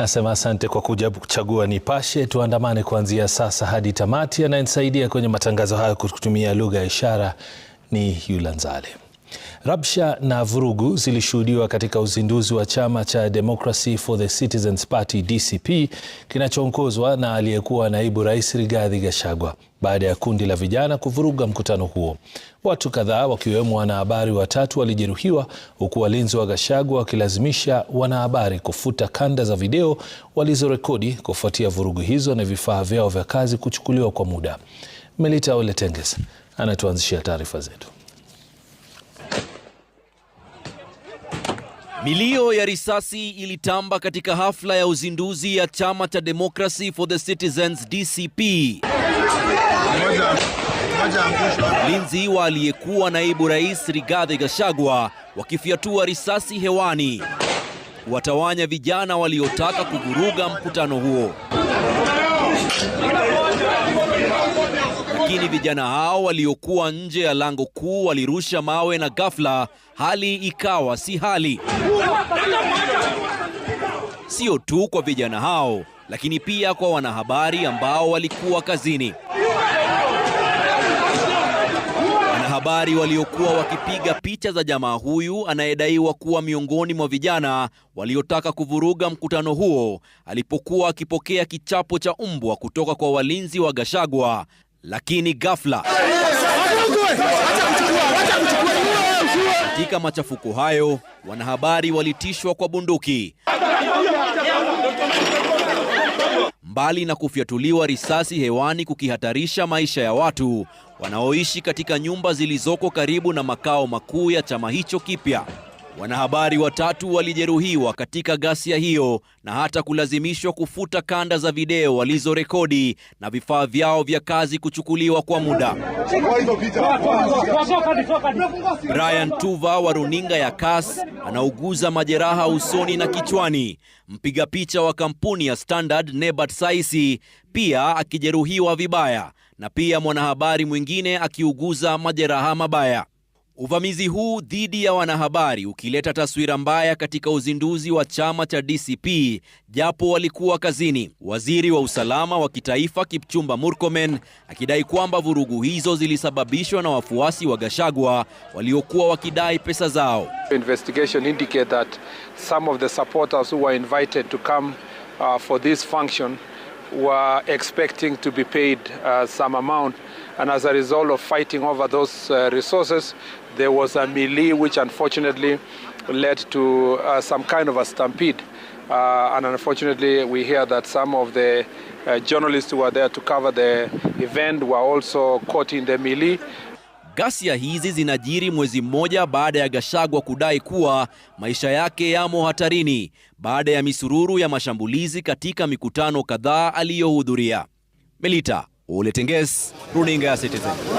Nasema asante kwa kuja kuchagua Nipashe. Tuandamane kuanzia sasa hadi tamati. Anayenisaidia kwenye matangazo hayo kutumia lugha ya ishara ni Yula Nzale. Rabsha na vurugu zilishuhudiwa katika uzinduzi wa chama cha Democracy for the Citizens Party DCP kinachoongozwa na aliyekuwa naibu rais Rigathi Gachagua baada ya kundi la vijana kuvuruga mkutano huo. Watu kadhaa wakiwemo wanahabari watatu walijeruhiwa huku walinzi wa Gachagua wakilazimisha wanahabari kufuta kanda za video walizorekodi kufuatia vurugu hizo na vifaa vyao vya kazi kuchukuliwa kwa muda. Melita Oletenges anatuanzishia taarifa zetu. Milio ya risasi ilitamba katika hafla ya uzinduzi ya chama cha Democracy for the Citizens DCP. Mlinzi wa aliyekuwa naibu rais Rigathi Gachagua wakifyatua risasi hewani watawanya vijana waliotaka kuvuruga mkutano huo, lakini vijana hao waliokuwa nje ya lango kuu walirusha mawe na ghafla hali ikawa si hali sio tu kwa vijana hao, lakini pia kwa wanahabari ambao walikuwa kazini, wanahabari waliokuwa wakipiga picha za jamaa huyu anayedaiwa kuwa miongoni mwa vijana waliotaka kuvuruga mkutano huo alipokuwa akipokea kichapo cha mbwa kutoka kwa walinzi wa gashagwa lakini ghafla katika machafuko hayo, wanahabari walitishwa kwa bunduki. Mbali na kufyatuliwa risasi hewani kukihatarisha maisha ya watu wanaoishi katika nyumba zilizoko karibu na makao makuu ya chama hicho kipya. Wanahabari watatu walijeruhiwa katika ghasia hiyo na hata kulazimishwa kufuta kanda za video walizorekodi na vifaa vyao vya kazi kuchukuliwa kwa muda. Brian Tuva wa runinga ya Kass anauguza majeraha usoni na kichwani. Mpiga picha wa kampuni ya Standard Nebat Saisi pia akijeruhiwa vibaya na pia mwanahabari mwingine akiuguza majeraha mabaya. Uvamizi huu dhidi ya wanahabari ukileta taswira mbaya katika uzinduzi wa chama cha DCP japo walikuwa kazini. Waziri wa usalama wa kitaifa Kipchumba Murkomen akidai kwamba vurugu hizo zilisababishwa na wafuasi wa Gachagua waliokuwa wakidai pesa zao. Investigation indicate that some of the supporters who were invited to come uh, for this function were expecting to be paid uh, some amount and as a result of fighting over those uh, resources, there was a melee which unfortunately led to uh, some kind of a stampede. Uh, and unfortunately, we hear that some of the uh, journalists who were there to cover the event were also caught in the melee. Ghasia hizi zinajiri mwezi mmoja baada ya Gachagua kudai kuwa maisha yake yamo hatarini baada ya misururu ya mashambulizi katika mikutano kadhaa aliyohudhuria. Melita Ole Tenges, runinga Citizen.